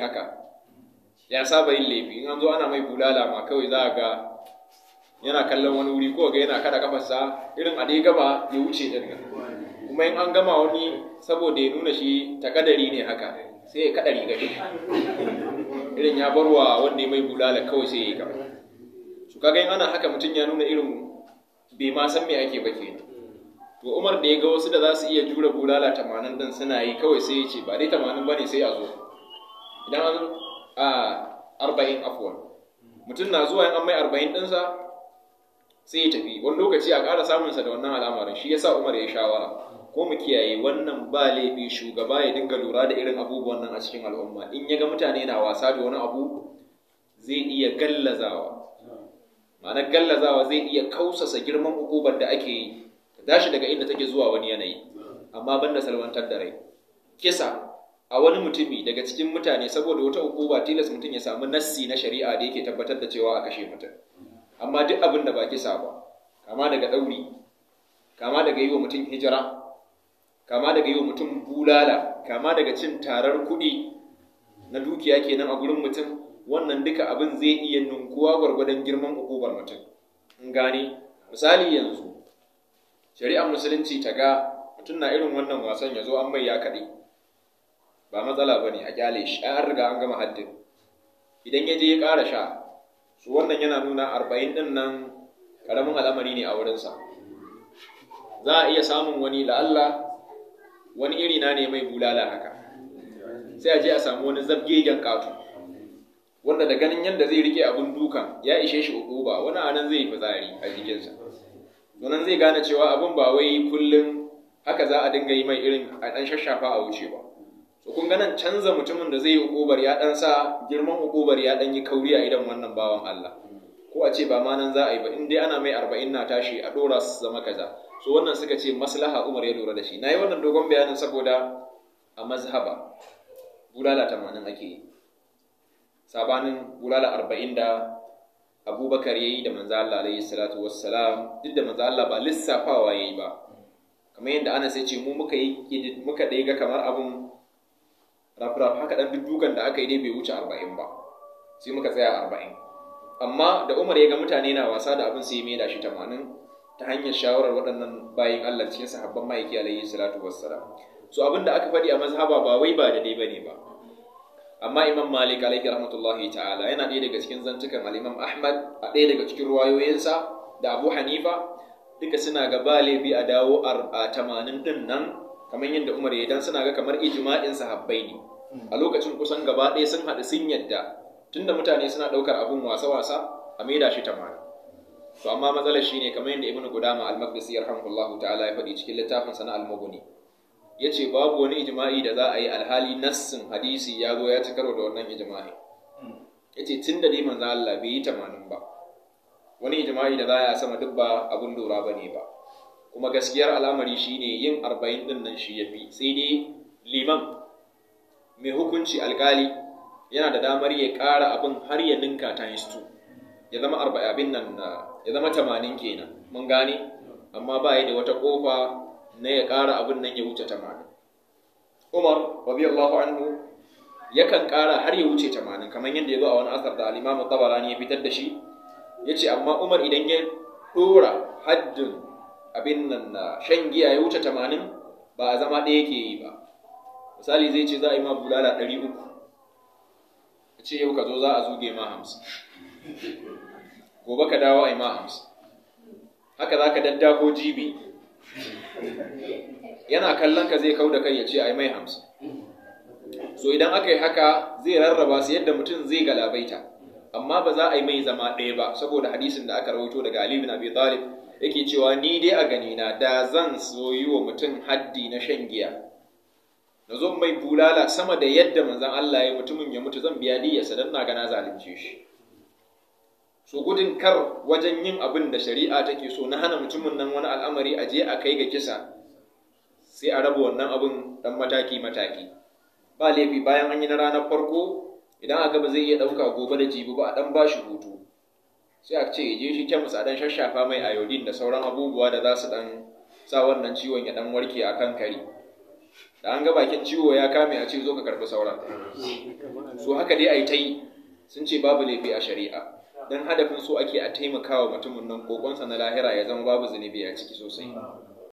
haka ya saba yin laifi in an zo ana mai bulala ma kawai za ga yana kallon wani wuri ko ga yana kada kafarsa irin a dai gaba ya wuce ga. kuma in an gama wani saboda ya nuna shi takadari ne haka sai ya kada riga irin ya barwa wanda mai bulala kawai sai ya gaba su kaga in ana haka mutum ya nuna irin bai ma san me ake ba kenan to Umar da ya ga wasu da za su iya jure bulala tamanin din suna yi kawai sai ya ce ba dai ba bane sai a zo idan an arba'in afuwa, mutum na zuwa yin an mai arba'in ɗinsa sai ya tafi wani lokaci a ƙara samunsa da wannan al'amarin shi ya sa umar ya shawara ko mu kiyaye wannan ba laifi shugaba ya dinga lura da irin abubuwan nan a cikin al'umma in ya ga mutane na wasa da wani abu zai iya gallazawa ma'anar gallazawa zai iya kausasa girman hukubar da ake yi ta tashi daga inda take zuwa wani yanayi amma banda salwantar da rai kisa a wani mutumi daga cikin mutane saboda wata hukuma tilas mutum ya samu nassi na shari'a da yake tabbatar da cewa a kashe mutum amma duk abin da ba sa ba kama daga ɗauri kama daga yi wa mutum hijira kama daga yi wa mutum bulala kama daga cin tarar kuɗi na dukiya kenan a gurin mutum wannan duka abin zai iya nunkuwa gwargwadon girman hukumar mutum in gane misali yanzu shari'ar musulunci ta ga mutum na irin wannan wasan ya zo an mai ya kaɗe ba matsala ba ne a kyale shi an riga an gama haddin idan ya je ya ƙara sha su wannan yana nuna arba'in ɗin nan ƙaramin al'amari ne a wurinsa za a iya samun wani la'alla wani iri na ne mai bulala haka sai a je a samu wani zabgegen katu wanda da ganin yadda zai rike abin dukan ya ishe shi uku ba wani anan zai fitsari a jikinsa Wannan zai gane cewa abin ba wai kullum haka za a dinga yi mai irin a ɗan shashafa a wuce ba so kun ganin canza mutumin da zai yi ukubar ya dan sa girman ukubar ya dan yi kauri a idan wannan bawan Allah ko a ce ba ma nan za a yi ba in dai ana mai arba'in na tashi a dora su zama kaza so wannan suka ce maslaha Umar ya lura da shi Na yi wannan dogon bayanin saboda a mazhaba bulala tamanin ake yi sabanin bulala arba'in da abubakar ya yi da manzo Allah alaihi salatu wassalam duk da manzo Allah ba lissafawa ya yi ba kamar yadda ana sai ce mu muka yi muka ɗaya ga kamar abun rafraf haka dan duk dukan da aka yi dai bai wuce arba'in ba sai muka tsaya arba'in amma da umar ya ga mutane na wasa da abin sai ya maida shi tamanin ta hanyar shawarar waɗannan bayan Allah cikin sahabban ma'aiki alaihi salatu wassalam so abin da aka faɗi a mazhaba ba wai ba da dai ne ba amma imam malik alaihi rahmatullahi ta'ala yana ɗaya daga cikin zantukan Alimam imam ahmad a ɗaya daga cikin ruwayoyinsa da abu hanifa duka suna ga ba laifi a dawo a tamanin din nan kamar yadda Umar ya dan suna ga kamar ijma'in sahabbai ne a lokacin kusan gaba ɗaya sun haɗu sun yadda tunda mutane suna ɗaukar abun wasa-wasa a maida shi ta mara to amma matsalar shine kamar yadda ibnu Qudama al-Maqdisi yarhamuhullahu ta'ala ya faɗi cikin littafin sana al-Mughni yace babu wani ijima'i da za a yi alhali nassin hadisi ya zo ya ci karo da wannan ijma'i yace tunda dai manzo Allah bai yi tamanin ba wani ijma'i da za a sama duk ba abun lura bane ba kuma gaskiyar al'amari shine yin arba'in din nan shi ya fi sai dai liman mai hukunci alkali yana da damar ya ƙara abin har ya ninka times 2 ya zama arba'in nan ya zama tamanin kenan mun gane amma ba ya da wata ƙofa na ya ƙara abin nan ya wuce tamanin umar allahu anhu yakan ƙara har ya wuce tamanin kamar yadda ya zo a wani asar da alimamu imamu tabarani ya fitar da shi ya ce amma umar idan ya ɗora haddin abin nan na shan giya ya wuce tamanin ba a zama ɗaya ke yi ba misali zai ce za a yi ma bulala ɗari uku a ce yau ka zo za a zuge ma hamsin gobe ka dawo a yi ma hamsin haka za ka daddako jibi yana kallon ka zai kau da kai ya ce a yi mai hamsin so idan aka yi haka zai rarraba su yadda mutum zai galabaita amma ba za a yi mai zama ɗaya ba saboda hadisin da aka rawaito daga Ali bin Abi Talib yake cewa ni dai a gani na, da zan so yi wa mutum haddi na shan giya na zo mai bulala sama da yadda manzan Allah ya mutumin ya mutu zan biya diyyarsa don na gana zalunce shi so gudun kar wajen yin abin da shari'a take so na hana mutumin nan wani al'amari a je a kai ga kisa sai a raba wannan abin dan mataki mataki ba laifi bayan an yi na ranar farko idan aka ba zai iya ɗauka gobe da jibi ba a ɗan ba shi hutu sai a ce je shi kemis a dan shashafa mai ayodin da sauran abubuwa da za su ɗan sa wannan ciwon ya dan warke a kan kari da an ga bakin ciwo ya kame a ce zo ka karbi sauran Su haka dai a yi ta yi sun ce babu laifi a shari'a don hadafin so ake a taimakawa mutumin nan kokonsa na lahira ya zama babu zunubi a ciki sosai